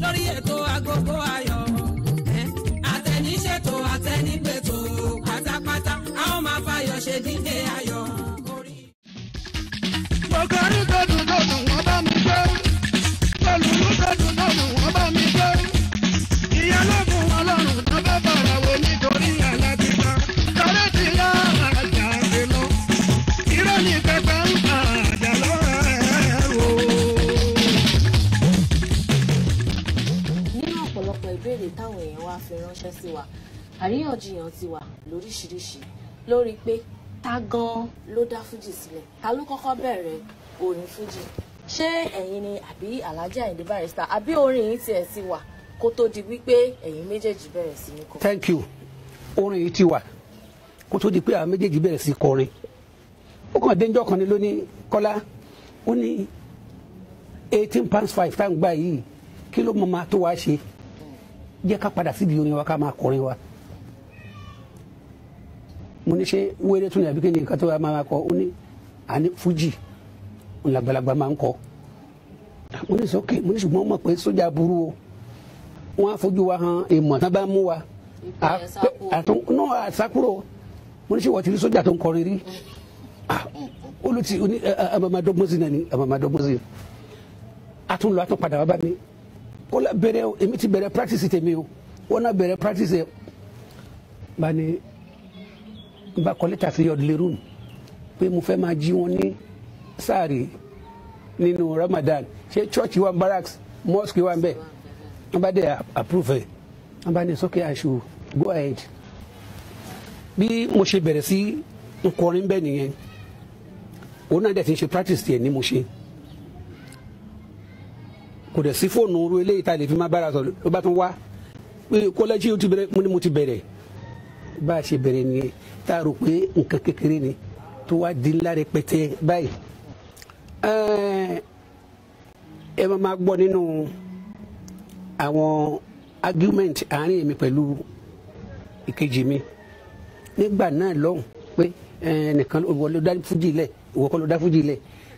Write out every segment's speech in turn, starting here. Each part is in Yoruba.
lórí ètò agogo ayọ̀ àtẹniṣètò àtẹnigbètò pátápátá a ó máa fayọ̀ ṣe díje. ránṣẹ́ sí wa àríyànjiyàn ti wà lóríṣiríṣi lórí pé ta gan ló dá fújì sílẹ̀ ta ló kọ́kọ́ bẹ̀rẹ̀ orin fújì ṣé ẹ̀yin ni àbí Alhaji Ayinde Barrister àbí orin yìí tiẹ̀ ti wà kó tó di wípé ẹ̀yin méjèèjì bẹ̀rẹ̀ sí ní kọ. thank you orin yìí ti wà kó tó di pé àwọn méjèèjì bẹ̀rẹ̀ sí kọrin ó kàn dé njọ́ kan ní lónìí kọ́lá ó ní eighteen pounds five tá à ń gbà yìí kí ló mọ̀ máa tó wá ṣe jẹ́ ká padà síbi orin wa ká máa kọrin wa. mo ní ṣe wéré tún ní àbí kíni nǹkan tó wà máa kọ ó ní àní fújì ńlágbàlagbà máa ń kọ. mo ní sọ́kè mo ní ṣùgbọ́n mọ̀ pé sójà burú o wọ́n á fojú wa hàn èèmọ̀ tán bá mú wa náà àsákúrò mo ní ṣe wọ́n ti rí sójà tó ń kọrin rí olùtí àmàmàdọ́gbọ́n sí náà ni àmàmàdọ́gbọ́n wa bá mi. Kola lọ bẹ̀rẹ̀ èmi ti bẹ̀rẹ̀ practice tèmi o wọ́n náà practice yẹ ba ní bá kọ́ lẹ́tà sí ọdún lérú pé mo fẹ́ máa jí wọn ní sáàrì nínú Ramadan ṣé church wa barracks mosque wa bẹ́ẹ̀ wọ́n bá dẹ̀ approve ẹ̀ wọ́n bá ní sókè I go ahead bi mo ṣe bẹ̀rẹ̀ sí nkọrin bẹ́ẹ̀ nìyẹn òun náà dẹ̀ ti ṣe practice tiẹ̀ ní mo ṣe kò dẹ̀ sí fóònù oru eléyìí tá a lè fi máa bára sọ̀rọ̀ ló bá tún wá pé kọ́lẹ́jì ó ti bẹ̀rẹ̀ mo ní mo ti bẹ̀rẹ̀ bá a ṣe bẹ̀rẹ̀ nìyẹn tá a rò pé nǹkan kékeré ni tó wá di ńlá rẹpẹtẹ báyìí ẹ máa máa gbọ́ nínú àwọn argument àárín èmi pẹ̀lú ìkejì mi nígbà náà lọ́hùn pé ẹnìkan ìwọ ló dá fújì lẹ̀ ìwọ kọ́ ló dá fújì lẹ̀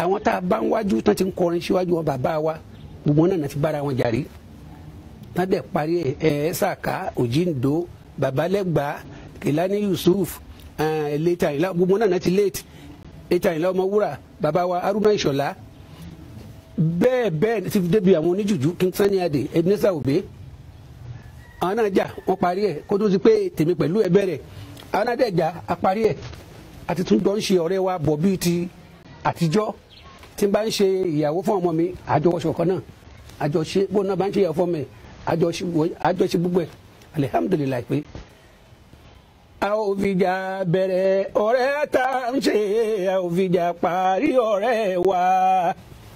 àwọn tá a bá ń wájú tán ti ń kọrin síwájú wọn bàbá wa gbogbo náà ti bára wọn jàre tán dẹ̀ parí ẹ̀ ẹ̀ ṣàká òjìǹdó babalẹ́gbà kìláni yusuf lẹ́tà gbogbo náà ti late lẹ́tà ìlà ọmọwúrà bàbá wa haruna ìṣọ̀lá bẹ́ẹ̀ bẹ́ẹ̀ ti fi débi àwọn oníjùjú king sani adé ebenezer obe àwọn náà jà wọ́n parí ẹ̀ kó tó ti pé tèmi pẹ̀lú ẹ bẹ̀rẹ̀ àwọn náà dẹ̀ jà a parí ẹ̀ àti tún jọ ń ṣe ọ̀rẹ́ wa bọ̀ bíi ti àtijọ́ tí n bá ń ṣe ìyàwó fún ọmọ mi àjọwọ́sọ kan náà àjọṣe bóun náà bá ń ṣe ìyàwó fún mi àjọṣe gbogbo ẹ̀ alihamudulilayi pé. a ò fìjà bẹ̀rẹ̀ ọ̀rẹ́ tá ń ṣe a ò fìjà parí ọ̀rẹ́ wa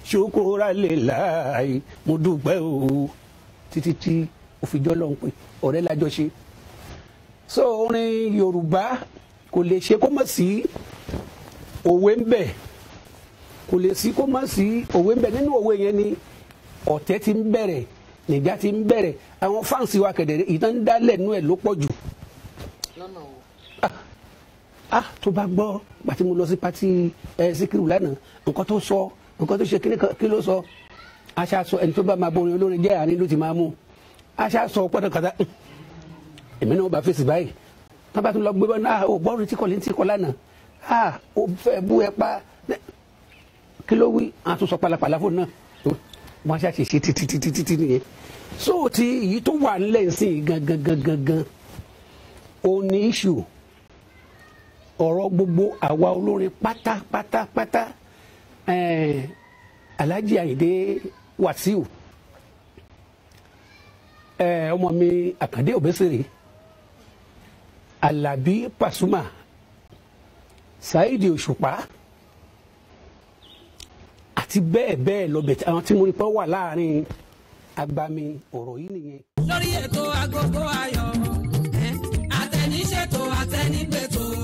ṣokora lè láàyè mo dúpẹ́ o títí tí òfìjọ́ lọ́n pé ọ̀rẹ́ lájọṣe. so orin yorùbá kò lè ṣe kó mọ̀ sí òwe ń bẹ kò lè sí kó má sí òwe ń bẹ nínú òwe yẹn ni ọ̀tẹ̀ ti ń bẹ̀rẹ̀ nìjà ti ń bẹ̀rẹ̀ àwọn fáǹsì wa kẹ̀dẹ̀rẹ̀ ìtàn ń dálẹ̀ nú ẹ̀ ló pọ̀ jù. Ah, ah tó bá gbọ́ pàtí mo lọ sí pàtí ẹ síkírù lánàá nǹkan tó sọ nǹkan tó ṣe kí ló sọ aṣa sọ ẹni tó bá máa borin olórin jẹ́ àárín ló ti máa mú aṣa sọ pátákátá èmi náà bá fèsì báyìí tábà tún lọ gbé bọ́ náà ò gbọ́ orin tí kò lè kọ́ lánàá ah ó fẹ́ bú ẹ pa kí ló wí a tún sọ pàlàpàlà fún náà wọn ṣe àṣìṣe títí títí títí nìyẹn so ti èyí tó wà nílẹ̀ sí i gangan gangan gan òun ni iṣu ọ̀rọ̀ gbogbo àwa olórin pátápátápátá Alhaji Ayinde Wasiu ọmọ mi Àkàndé Obesere Alabi Pasuma Saidi Òṣùpá àti bẹ́ẹ̀ bẹ́ẹ̀ lọ bẹ̀tẹ̀ àwọn tí mo rí pé wà láàrin agbami ọ̀rọ̀ yìí nìyẹn. lórí ètò agogo ayọ̀ àtẹniṣètò àtẹnigbètò